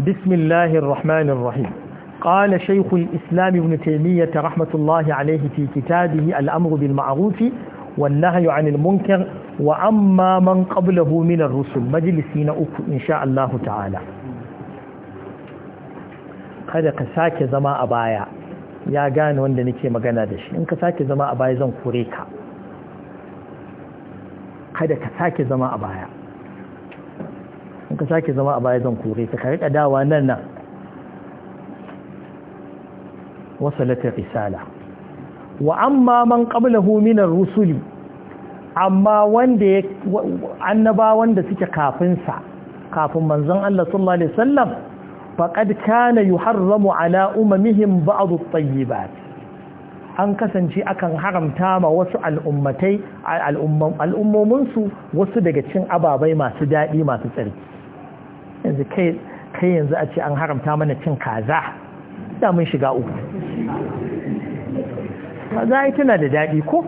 بسم الله الرحمن الرحيم قال شيخ الإسلام ابن تيمية رحمة الله عليه في كتابه الأمر بالمعروف والنهي عن المنكر وأما من قبله من الرسل مجلسين أكو إن شاء الله تعالى kada ka sake zama a baya ya gane wanda nake magana da shi in ka sake zama a baya zan kore ka kada ka sake zama a baya suka sake zama a baya zan kore ka ka da dawa nan nan wasalata risala wa amma man qablahu min ar-rusuli amma wanda ya annabawan da suke kafin sa kafin manzon Allah sallallahu alaihi wasallam faqad kana yuharramu ala ummihim ba'd at-tayyibat an kasance akan haramta ma wasu al'ummatai al'ummominsu wasu daga cin ababai masu daɗi masu tsarki yanzu kai yanzu a ce an haramta mana cin kaza da mun shiga uku za a yi tuna da daɗi ko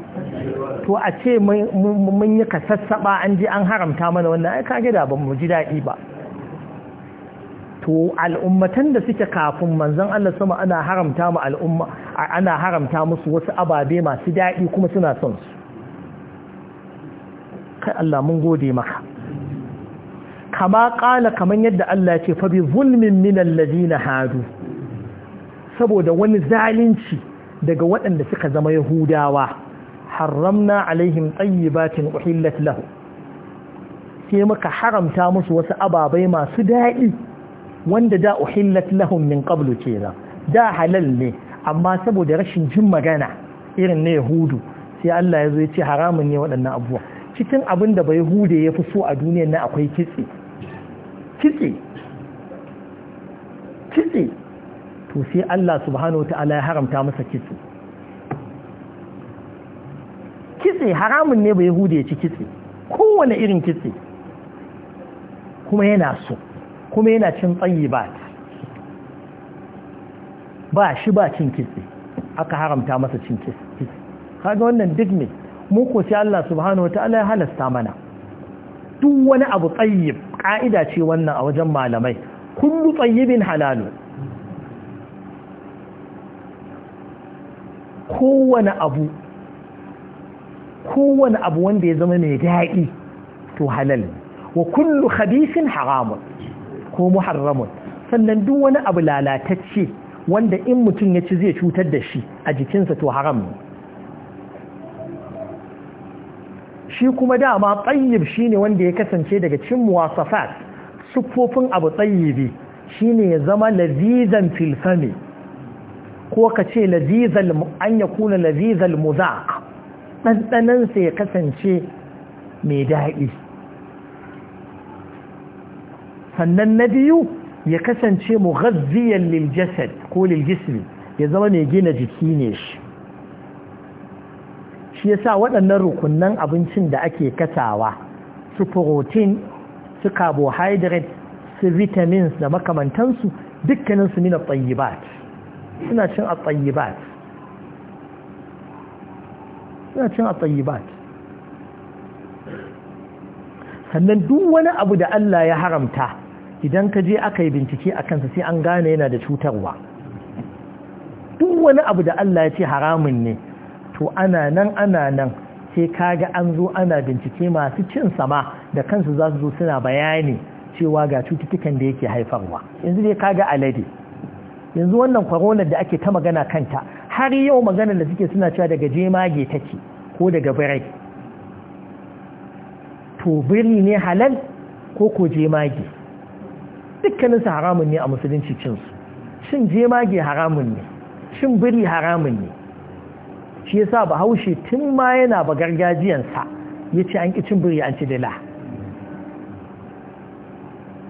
to a ce mun yi sassaɓa an ji an haramta mana wannan ai kage da ba mu ji daɗi ba to al'ummatan da suke kafin manzon Allah sama ana haramta mu al'umma ana haramta musu wasu ababe masu daɗi kuma suna son su kai Allah mun gode maka kama ƙala kaman yadda Allah ce fa bi zulmin minal ladina hadu saboda wani zalunci daga waɗanda suka zama yahudawa haramna alaihim tayyibatin uhillat lahu sai muka haramta musu wasu ababai masu daɗi wanda da uhillat lahum min qablu kenan da halal ne amma saboda rashin jin magana irin na yahudu sai Allah ya zo ya ce haramun ne waɗannan abubuwa cikin abin da bai hude ya fi so a duniyar na akwai kitse kitse kitse to sai Allah subhanahu ta'ala ya haramta masa kitse kitse haramun ne ba yahudi ya ci kitse kowane irin kitse kuma yana so kuma yana cin tsayi ba ba shi ba cin kitse aka haramta masa cin kitse kaga wannan duk ne mu ko sai Allah subhanahu ta'ala ya halasta mana duk wani abu tsayyib ƙa'ida ce wannan a wajen malamai kullu tsayyibin halalu kowane abu kowane abu wanda ya zama mai daɗi to halal wa kullu khabisin haramun ko muharramun sannan duk wani abu lalatacce wanda in mutum ya ci zai cutar da shi a jikinsa to haram ne shi kuma dama shi shine wanda ya kasance daga cin muwasafat siffofin abu Shi ne ya zama lazizan filfami ko ka ce an ya kuna Lazizan muzaq ɗanɗanansa ya kasance mai daɗi sannan na biyu ya kasance mu mughazziyar liljasad ko liljismi ya zama mai gina jiki ne shi shi yasa waɗannan rukunan abincin da ake kasawa su protein su carbohydrate su vitamins da makamantansu dukkaninsu nuna tsayibat suna cin tsayibat suna cin a tsayibat sannan duk wani abu da Allah ya haramta idan ka je aka yi bincike a kansa sai an gane yana da cutarwa duk wani abu da Allah ya ce haramun ne to ana nan ana nan sai kaga an zo ana bincike masu cin sama da kansu za su zo suna bayani cewa ga cututtukan da yake haifarwa yanzu dai kaga alade yanzu wannan corona da ake ta magana kanta har yau magana da suke suna cewa daga jemage take ko daga birai to biri ne halal ko ko jemage su haramun ne a musulunci cinsu cin jemage haramun ne cin biri haramun ne shi yasa bahaushe tun ma yana ba gargajiyansa ya ce an kicin biri an ci dila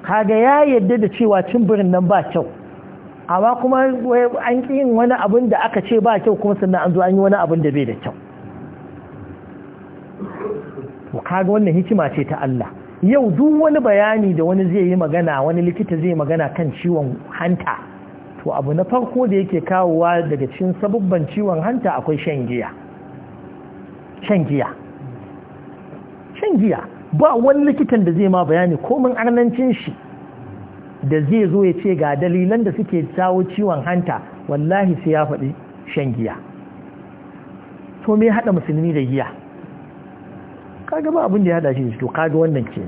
kaga ya yadda da cewa cin birin nan ba kyau amma kuma an ƙi yin wani abin da aka ce ba kyau kuma sannan an zo an yi wani abin da bai da kyau kaga wannan hikima ce ta Allah yau duk wani bayani da wani zai yi magana wani likita zai magana kan ciwon hanta to abu na farko da yake kawowa daga cikin sabubban ciwon hanta akwai shan giya shan giya shan giya ba wani likitan da zai ma bayani komin arnancin shi da zai zo ya ce ga dalilan da suke jawo ciwon hanta wallahi sai ya faɗi shan giya to me haɗa musulmi da giya kaga ba abin da ya haɗa shi to kaga wannan ke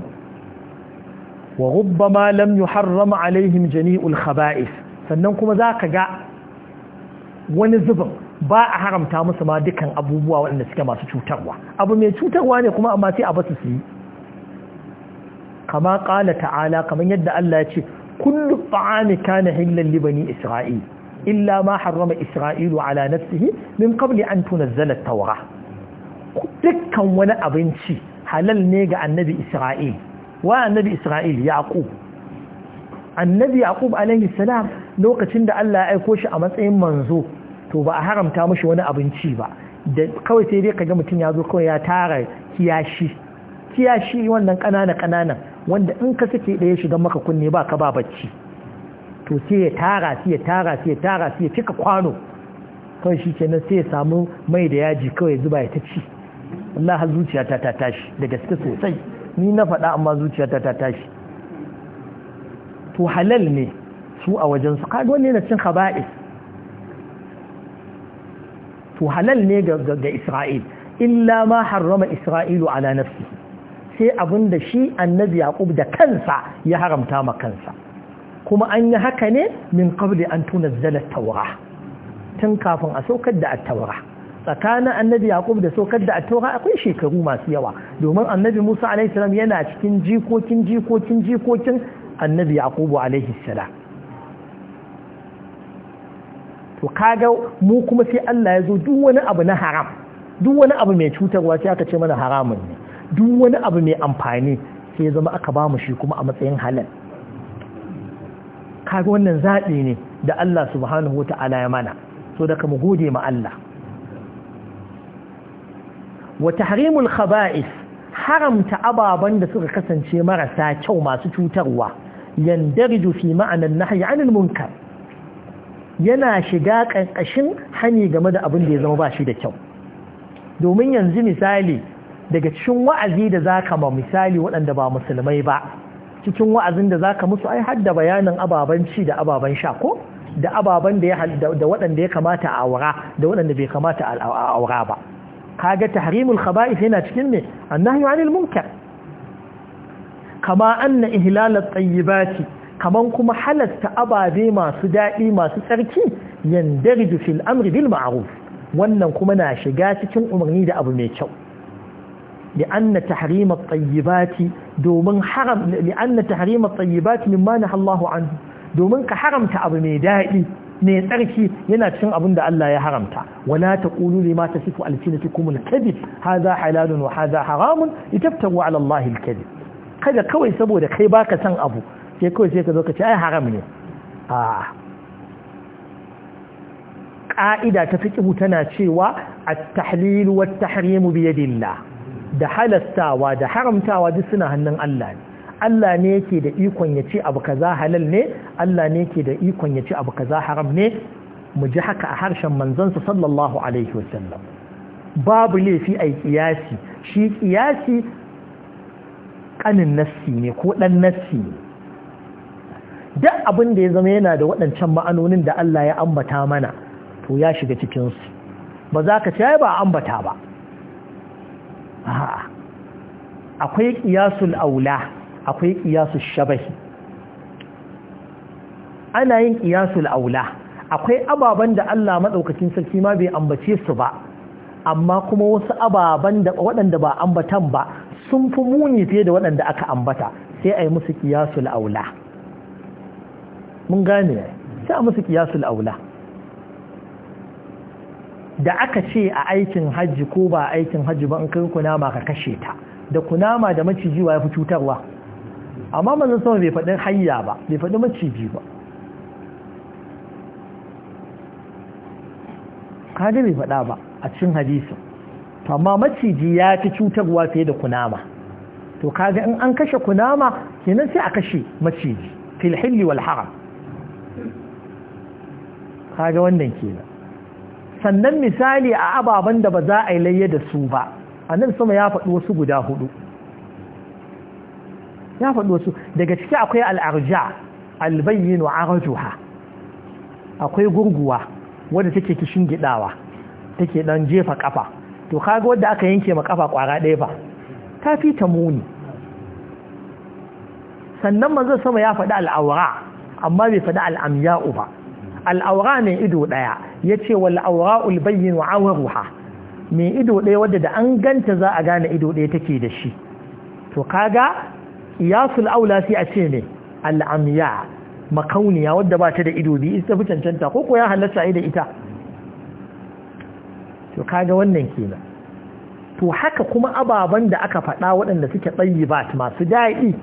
wa rubba ma lam yuharrama alaihim jami'ul khaba'is sannan kuma za ka ga wani zubin ba a haramta musu ma dukkan abubuwa waɗanda suke masu cutarwa abu mai cutarwa ne kuma amma sai a basu su yi kama ƙala ta'ala kamar yadda Allah ya ce kullu ta'ami kana hillan li bani isra'il illa ma harrama isra'ilu ala nafsihi min qabli an tuna at-taura dukkan wani abinci halal ne ga annabi isra'il wa annabi isra'il yaqub annabi yaqub alayhi salam lokacin da Allah ya aiko shi a matsayin manzo to ba a haramta mashi wani abinci ba da kawai sai dai kaga mutum ya zo kawai ya tara kiyashi kiyashi wannan kanana kanana wanda in ka sake ɗaya shiga maka kunne ba ka ba bacci to sai ya tara sai ya tara sai ya tara sai ya cika kwano kawai shi kenan sai ya samu mai da yaji kawai zuba ya ta ci Allah zuciya ta tashi da gaske sosai ni na faɗa amma zuciyata ta tashi to halal ne su a wajen su kaga wani na cin haba'i to halal ne ga Isra'il illa ma harrama Isra'ilu ala nafsi sai abin da shi annabi Yaqub da kansa ya haramta ma kansa kuma an yi haka ne min qabli an tunzala at-taura tun kafin a saukar da at-taura tsakanin annabi Yaqub da saukar da at-taura akwai shekaru masu yawa domin annabi Musa alaihi salam yana cikin jikokin jikokin jikokin annabi Yaqub alaihi salam to kaga mu kuma sai Allah ya zo duk wani abu na haram duk wani abu mai cutarwa sai aka ce mana haramun ne duk wani abu mai amfani sai ya zama aka ba mu shi kuma a matsayin halal kaga wannan zaɓi ne da Allah subhanahu wa ta'ala ya mana so daga mu gode ma Allah wa tahrimul khaba'is haramta ababan da suka kasance marasa kyau masu cutarwa yandarju fi ma'anan nahyi 'anil munkar yana shiga ƙanƙashin hani game da abin da ya zama ba shi da kyau domin yanzu misali daga cikin wa'azi da za ka ma misali waɗanda ba musulmai ba cikin wa'azin da za ka musu ai har da bayanin ababen ci da ababen sha ko da ababen da waɗanda ya kamata a aura da waɗanda bai kamata a aura ba kaga tahrimul khaba'ith yana cikin ne annahyu 'anil munkar kama anna ihlalat tayyibati kamar kuma halasta ababe masu daɗi masu tsarki yandarju fil amri bil ma'aruf wannan kuma na shiga cikin umarni da abu mai kyau لأن تحريم الطيبات دومن حرم لأن تحريم الطيبات مما نهى domin ka haramta abu mai daɗi mai tsarki yana cikin abin da Allah ya haramta wala taqulu lima tasifu alsinatukum alkadhib hadha halalun wa hadha haramun litaftaru ala Allah kada kawai saboda kai baka san abu sai kawai sai ka zo ka ce ai haram ne a ƙa'ida ta fiƙihu tana cewa a tahlilu wa tahrimu dilla da halastawa da haramtawa duk suna hannun Allah ne Allah ne yake da ikon ya ce abu kaza halal ne Allah ne yake da ikon ya ce abu kaza haram ne mu ji haka a harshen manzansa sallallahu alaihi wasallam babu laifi a kiyasi shi kiyasi kanin nassi ne ko dan nassi ne duk abin da ya zama yana da waɗancan ma'anonin da Allah ya ambata mana to ya shiga cikinsu ba za ka ce ba ambata ba akwai ƙiyasul aula akwai ƙiyasul shabahi ana yin ƙiyasul aula akwai ababen da Allah maɗaukacin sarki ma bai ambace su ba amma kuma wasu ababen da waɗanda ba ambatan ba sun fi muni fiye da waɗanda aka ambata sai a yi musu ƙiyasul aula mun gane sai a musu kiyasul aula da aka ce a aikin hajji ko ba aikin hajji ba in kai kunama ka kashe ta da kunama da maciji wa ya fi cutarwa amma manzon sama bai faɗin hayya ba bai faɗi maciji ba kaga bai faɗa ba a cikin hadisi to amma maciji ya fi cutarwa fiye da kunama to kaga in an kashe kunama kenan sai a kashe maciji fil hilli wal haram kaga wannan kenan sannan misali a ababen da ba za a yi da su ba a nan sama ya faɗi wasu guda hudu ya faɗi wasu daga ciki akwai al'arja albayyin wa arjuha akwai gurguwa wadda take kishin gidawa take dan jefa kafa to kaga wadda aka yanke ma kafa kwara ɗaya ba ta fi ta muni sannan manzo sama ya faɗi al'aura amma bai faɗi al'amya'u ba al'aura mai ido ɗaya ya ce wal'aura ulbayyin wa'awar ruha mai ido ɗaya wadda da an ganta za a gane ido ɗaya take da shi to kaga iyasul aula sai a ce ne al'amya makauniya wadda ba ta da ido biyu ita fi cancanta ko ko ya halatta da ita to kaga wannan kenan to haka kuma ababen da aka faɗa waɗanda suke tsayi ba masu daɗi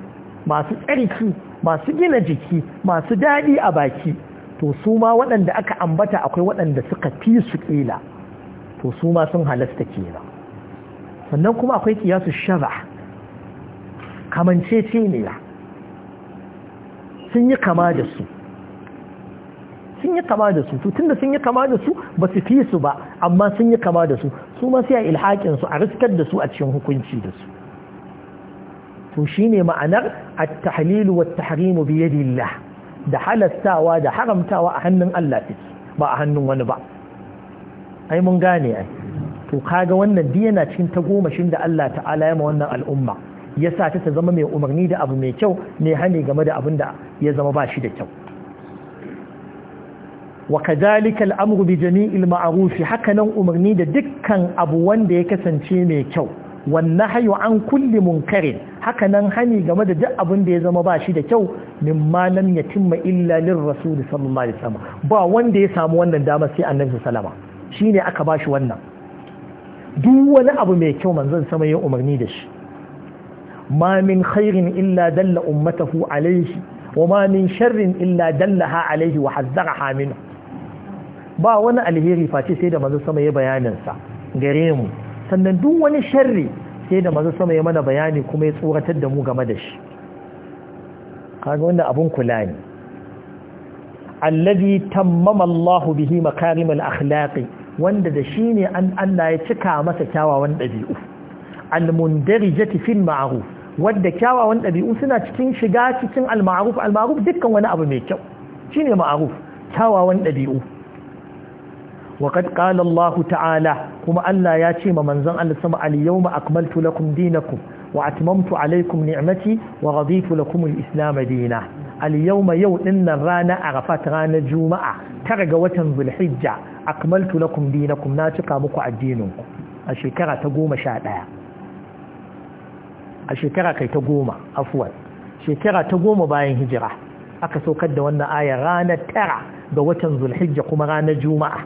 masu tsarki masu gina jiki masu daɗi a baki to su ma waɗanda aka ambata akwai waɗanda suka fi su ƙila to su ma sun halasta kenan sannan kuma akwai kiyasu shaba ya sun yi kama da su sun yi kama da su tutun da sun yi kama da su ba su fi su ba amma sun yi kama da su su ma sai a ilhakinsu a riskar da su a cikin hukunci da su to ne ma'anar a tahlilu wa tahrimu tahrim bi da halastawa da haramtawa a hannun Allah take ba a hannun wani ba ai mun gane ai to kaga wannan duk yana cikin shin da Allah ta'ala ya ma wannan al'umma ya sa ta zama mai umarni da abu mai kyau mai hane game da abin da ya zama ba shi da kyau wa kadhalika al'amru bi jami'il ma'ruf hakanan umarni da dukkan abu wanda ya kasance mai kyau والنهي an kulli munkari haka nan hani game da duk abin da ya zama ba shi da kyau ma lam yatimma illa lir rasul sallallahu alaihi wasallam ba wanda ya samu wannan dama sai annabi sallama shine aka shi wannan duk wani abu mai kyau manzon sama ya umarni da shi ma min khairin illa dalla ummatahu alaihi wa ma min sharrin illa dallaha alaihi wa hazzaraha minhu ba wani alheri face sai da manzon sama ya bayanin sa gare mu sannan duk wani sharri sai da maza sama ya mana bayani kuma ya tsoratar da mu game da shi kaga wannan abun kula ne allazi tammama Allah bihi makarim al akhlaqi. wanda da shi ne an Allah ya cika masa kyawawan dabi'u al-mundarijati fil ma'ruf wanda kyawawan dabi'u suna cikin shiga cikin al-ma'ruf al dukkan wani abu mai kyau shine ma'ruf kyawawan dabi'u وقد قال الله تعالى كما ألا ياتي ممنزن أن السماء اليوم أكملت لكم دينكم وأتممت عليكم نعمتي ورضيت لكم الإسلام دينا اليوم يو إن الرانا عرفت رانا جمعة ترقوة ذو الحجة أكملت لكم دينكم ناتقى مقع دينكم الشكرة تقوم شادها الشكرة كي تقوم أفوا الشكرة تقوم باين هجرة أكسو كد وأن آية رانا ترى قوة ذو الحجة قم رانا جمعة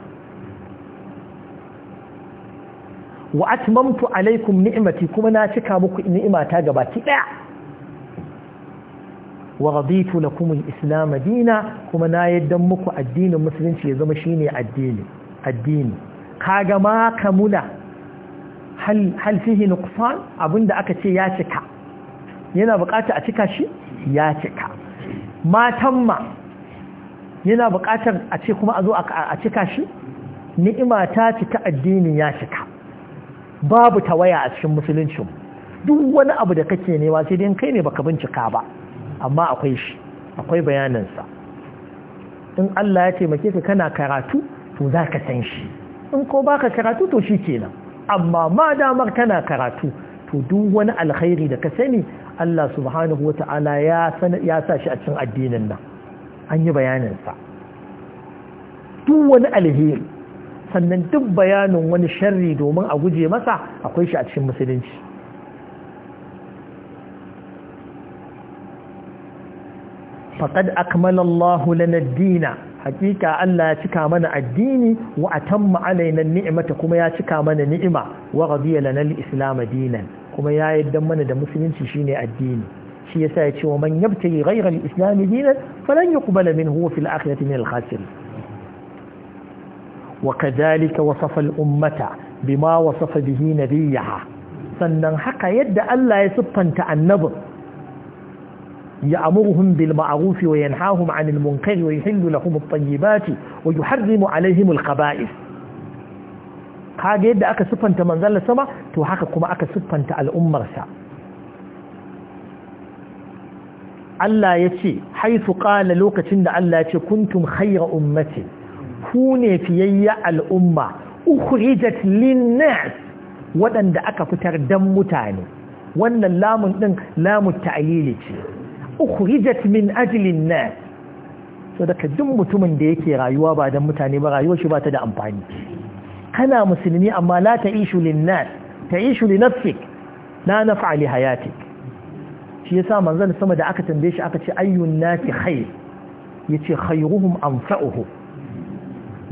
wa atmamtu alaikum ni'mati kuma na cika muku ni'imata gabaki daya wa raditu lakum al-islam dina kuma na yaddan muku addinin musulunci ya zama shine addini addini kaga ma kamula hal hal fihi nuqsan abinda aka ce ya cika yana bukata a cika shi ya cika matan ma yana bukatar a ce kuma a zo a cika shi ni'ima ta cika addini ya cika babu tawaya a cikin musuluncin duk wani abu da kake nema sai dai kai ne baka bincika ba amma akwai shi akwai bayaninsa in Allah ya taimake ka kana karatu to za ka san shi in ko baka karatu to shi kenan amma ma damar kana karatu to duk wani alkhairi da ka sani Allah subhanahu wa ta'ala ya sa shi a cikin addinin nan an yi bayaninsa duk wani alheri sannan duk bayanin wani sharri domin a guje masa akwai shi a cikin musulunci faƙad akmalallahu lana dina hakika Allah ya cika mana addini wa atamma na ni'mata kuma ya cika mana ni'ima wa rabiya lana al-islam dinan kuma ya yadda mana da musulunci shine addini shi yasa ya ce wa man yabtayi ghayra al-islam dinan falan yuqbala minhu fil akhirati min al-khasirin وكذلك وصف الأمة بما وصف به نبيها sannan haka yadda Allah ya siffanta annabin ya'muruhum bil ma'ruf wa yanhahum 'anil munkar wa yuhillu lahum at-tayyibat wa yuharrimu 'alayhim al-khaba'ith kaga yadda aka siffanta manzon sama to haka kuma aka siffanta al'ummar sa Allah yace haythu qala lokacin da Allah ce kuntum khayra ummati. ku ne fiyayya al'umma ukhrijat linnas nas waɗanda aka fitar dan mutane wannan lamun ɗin lamun ta'lili ce ukhrijat min ajlin nas so daga duk mutumin da yake rayuwa ba dan mutane ba rayuwar shi ba ta da amfani kana musulmi amma la ta'ishu lin ta'ishu li nafsik la naf'a li hayatik shi yasa manzon sama da aka tambaye shi aka ce ayyun nasi khair yace khairuhum anfa'uhum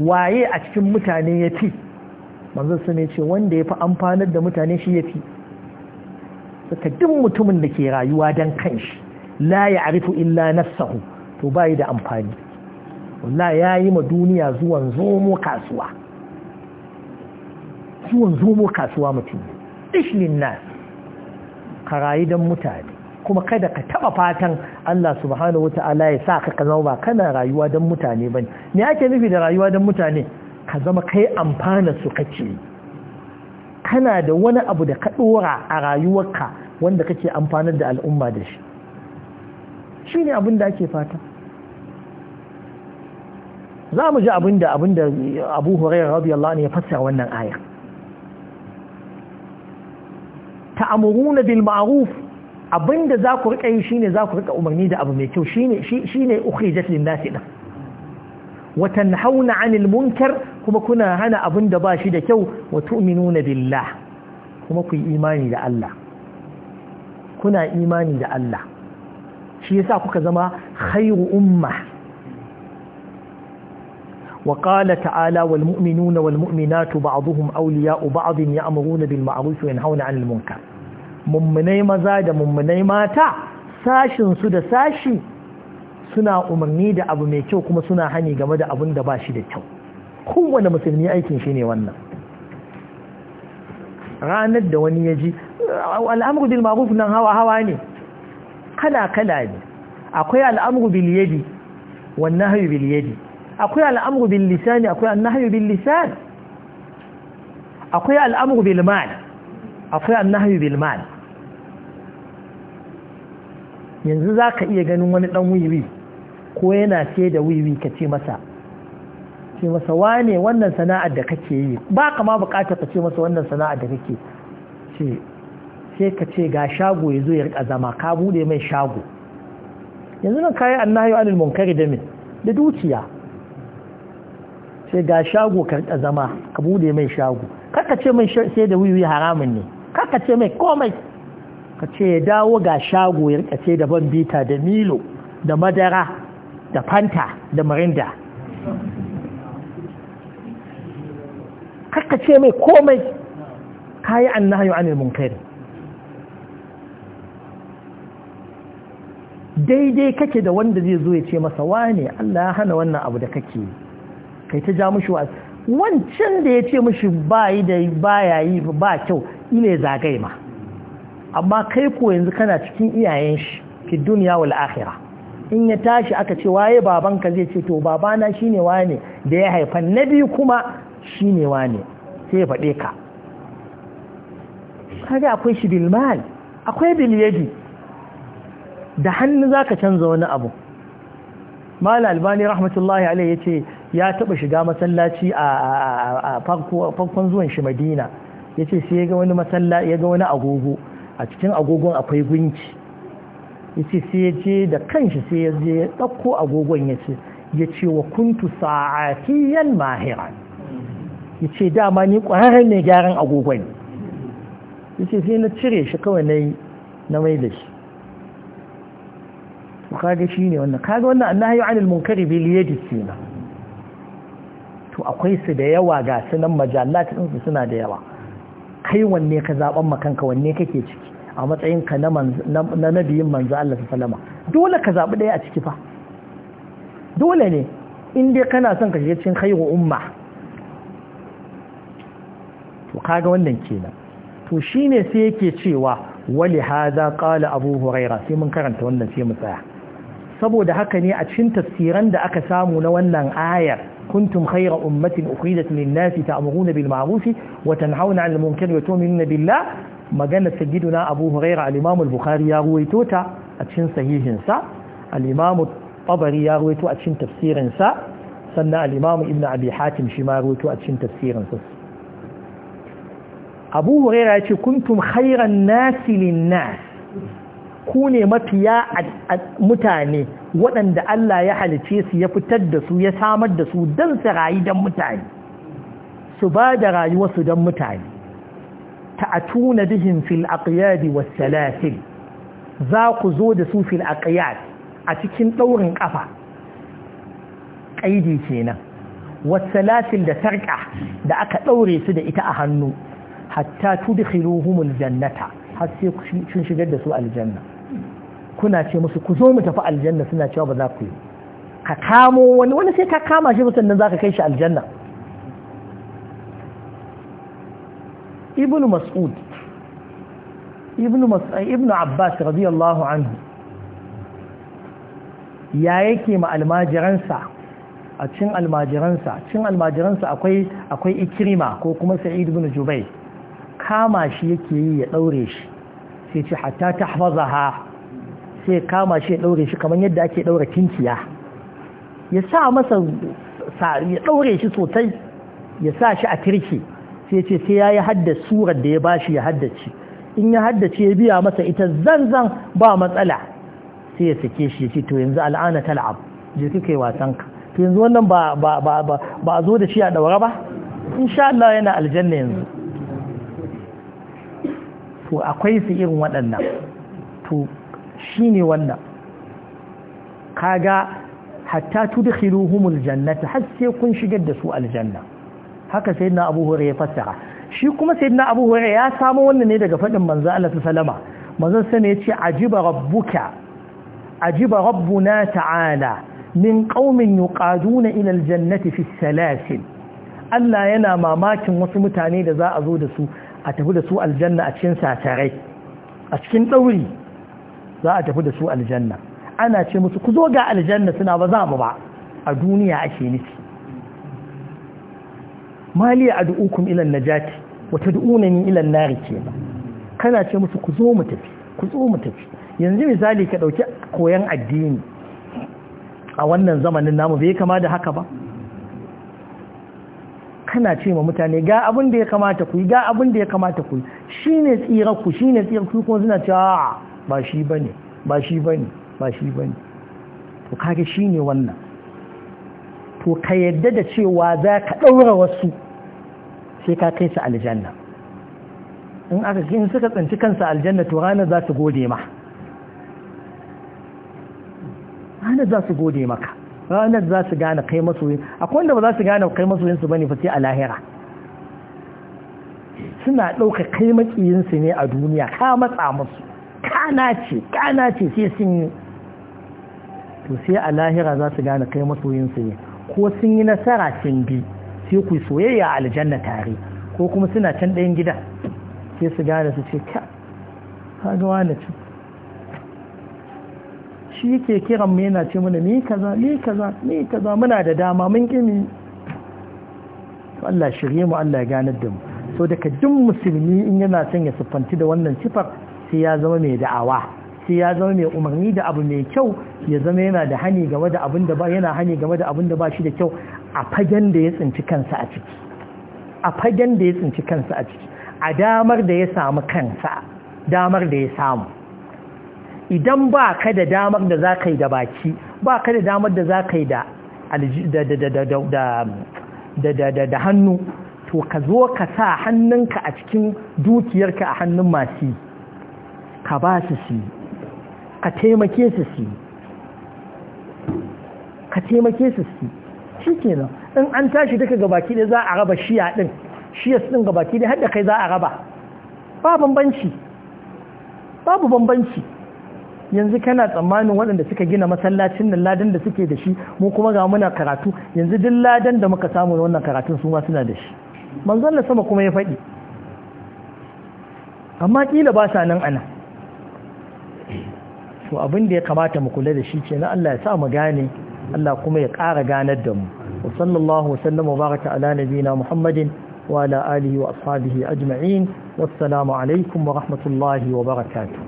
waye a cikin mutane ya fi manzo su ne ce wanda ya fi amfanar da mutane shi ya fi saka duk mutumin da ke rayuwa don kanshi la ya arifu illa nafsahu to bayi da amfani wanda ya yi ma duniya zuwan zomo kasuwa zuwan zomo kasuwa mutum ishlin nas ka rayu don mutane kuma kada ka taba fatan Allah subhanahu wata'ala ya sa ka zama ba kana rayuwa don mutane bane me yake nufi da rayuwa don mutane ka zama kai amfana su kace kana da wani abu da ka dora a rayuwarka wanda kake amfanar da al'umma da shi shine abin da ake fata za mu ji abin da abin da Abu Hurairah radiyallahu anhu ya fassara wannan aya ta'muruna bil ma'ruf abinda za ku rika yi ne za ku rika umarni da abu mai kyau shine shine ukhrijat lin nasi din Watan hauna 'anil munkar kuma kuna hana da ba shi da kyau wa tu'minuna billah kuma ku yi imani da Allah kuna imani da Allah shi sa kuka zama khairu umma وقال تعالى والمؤمنون والمؤمنات بعضهم أولياء بعض يأمرون بالمعروف وينهون عن المنكر mummunai maza da mummunai mata sashinsu da sashi suna umarni da abu mai kyau kuma suna hani game da abun da ba shi da kyau kowane musulmi aikin shi ne wannan ranar da wani ya ji al'amuru bil ma'ruf nan hawa hawa ne kala kala ne akwai al'amuru bil yadi wan nahyu bil yadi akwai al'amuru bil lisani akwai an-nahyu bil lisan akwai al'amuru bil mal akwai an-nahyu bil mal yanzu za ka iya ganin wani ɗan wiwi ko yana ce da wiwi ka ce masa ce masa wane wannan sana'ar da kake yi ba ka ma bukatar ka ce masa wannan sana'ar da kake ce sai ka ce ga shago ya zo ya rika zama ka bude mai shago yanzu nan kayi annahi anil munkari da min da dukiya sai ga shago ka rika zama ka bude mai shago kaka ce mai sai da wiwi haramun ne kaka ce mai komai ka ce ya dawo ga shago ya rika ce da ban bita da milo da madara da fanta da marinda kakka ce mai komai ka yi an na anil munkari daidai kake da wanda zai zo ya ce masa wane Allah ya hana wannan abu da kake kai ta ja mushi wa wancan da ya ce mushi ba yi da ba ya ba kyau ine zagaye ma amma kai ko yanzu kana cikin iyayen shi fi duniya wal akhirah in ya tashi aka ce waye babanka zai ce to babana shine wane da ya haifa na kuma shine wane sai ya faɗe ka kaga akwai shi mal akwai bilyadi da hannu zaka canza wani abu mal albani rahmatullahi alaihi yace ya taba shiga masallaci a farkon zuwan shi madina yace sai ya ga wani masalla ya ga wani agogo a cikin agogon akwai gunki yace sai ya je da kanshi sai ya je ya agogon ya ce ya wa kuntu sa'atiyan mahiran ya ce dama ni ƙwararren mai gyaran agogon ya sai na cire shi kawai nayi na mai da shi kaga shi ne wannan kaga wannan annahi anil munkari bil yadi sina to akwai su da yawa ga sunan majallat din su suna da yawa kai wanne ka zaban makanka wanne kake ciki a matsayin ka na nabiyin manzo Allah salama dole ka zaɓi ɗaya a ciki fa dole ne in dai kana son ka shiga cikin khairu umma to kaga wannan kenan to shine sai yake cewa wali hadha qala abu huraira sai mun karanta wannan sai mu tsaya saboda haka ne a cikin tafsiran da aka samu na wannan ayar kuntum khayra ummatin ukhrijat lin-nasi ta'muruna bil ma'ruf wa tanhauna 'anil munkari wa tu'minuna maganar sayyiduna abu huraira al-imam al-bukhari ya ruwaito ta a cikin sahihinsa al tabari ya ruwaito a cikin tafsirinsa sannan al ibn abi hatim shi ma ruwaito a cikin tafsirinsa. abu huraira ya ce kuntum khairan nasi lin-nas ku ne mafiya mutane waɗanda Allah ya halice su ya fitar da su ya samar da su don su rayu don mutane su ba da rayuwarsu don mutane ta'atuna bihim fil aqyad was salasil za ku zo da su fil aqyad a cikin daurin kafa kaidi kenan was da sarka da aka daure su da ita a hannu hatta tudkhiluhumul jannata har sai shigar da su aljanna kuna ce musu ku zo mu tafi aljanna suna cewa ba za ku yi ka kamo wani wani sai ka kama shi musannan za ka kai shi aljanna ibn mas'ud ibn abbas radiyallahu anhu ya yake ma almajiransa a cin almajiransa cin almajiransa akwai akwai ikirima ko kuma sa'id ibn jubai kama shi yake yi ya daure shi sai ce hatta tahfazaha sai kama shi ya daure shi kamar yadda ake daura kinciya ya sa masa ya daure shi sosai ya sa shi a kirki sai ce sai ya yi haddace surar da ya ba shi ya haddace in ya haddace ya biya masa ita zanzan ba matsala sai ya sake shi ya ce to yanzu al'ana tal'ab je kika yi wasanka to yanzu wannan ba ba zo da shi a daura ba sha Allah yana aljanna yanzu to akwai su irin waɗannan to shi ne wannan kaga hatta tudkhiluhumul jannata har sai kun shigar da su aljanna haka sayyidina Abu Hurairah ya fassara shi kuma sayyidina Abu Hurairah ya samu wannan ne daga faɗin manzo Allah sallama manzo sai ya ce ajiba rabbuka ajiba rabbuna ta'ala min qaumin yuqaduna ila aljannati fi salasin Allah yana mamakin wasu mutane da za a zo da su a tafi da su aljanna a cikin satarai a cikin dauri za a tafi da su aljanna ana ce musu ku zo ga aljanna suna ba za mu ba a duniya ake nufi mali ad'ukum ilan najati wa tad'unani ilan an-nar ba kana ce musu ku zo mu tafi ku zo mu tafi yanzu misali ka dauki koyan addini a wannan zamanin namu bai kama da haka ba kana ce ma mutane ga abin da ya kamata ku yi ga abin da ya kamata ku yi shine tsira ku shine tsira ku kuma suna cewa ba shi bane ba shi bane ba shi bane to kage shine wannan to ka yadda da cewa za ka ɗaura wasu sai ka kai su aljanna in aka kin suka tsanci kansa aljanna to ranar za su gode ma ranar za su gode maka ranar za su gane kai masoyin akwai wanda ba za su gane kai masoyinsu bane ne sai a lahira suna ɗauka kai makiyinsu ne a duniya ka matsa musu kana ce kana ce sai sun yi to sai a lahira za su gane kai masoyinsu ne ko sun yi nasara sun bi sai ku soyayya a aljanna tare ko kuma suna can ɗayan gida sai su gane su ce ka kaga wani ci shi ke kiran mai yana ce mana ni kaza ni kaza ni kaza muna da dama mun kimi Allah shirye mu Allah ya ganar da mu so daga duk musulmi in yana son ya siffanci da wannan sifar sai ya zama mai da'awa sai ya zama mai umarni da abu mai kyau ya zama yana da hani game da abin da ba yana hani game da abin da ba shi da kyau a fagen da ya tsinci kansa a ciki a fagen da ya tsinci kansa a ciki a damar da ya samu kansa damar da ya samu idan ba ka da damar da za ka yi da baki ba ka da damar da za ka yi da hannu to ka zo ka sa hannunka a cikin dukiyarka a hannun masu ka ba su su ka taimake su su ka taimake su su shi kenan in an tashi duka gabaki da za a raba shiya din shiyas din gabaki da hadda kai za a raba ba bambanci babu bambanci yanzu kana tsammanin waɗanda suka gina masallacin nan ladan da suke da shi mu kuma ga muna karatu yanzu duk ladan da muka samu na wannan karatun su ma suna da shi manzon sama kuma ya faɗi amma kila ba sa nan ana to abin da ya kamata mu kula da shi na Allah ya sa mu gane Allah kuma ya ƙara ganar da mu wa sallallahu wa baraka ala nabiina Muhammadin wa ala alihi wa ashabihi ajma'in wassalamu alaikum wa rahmatullahi wa barakatuh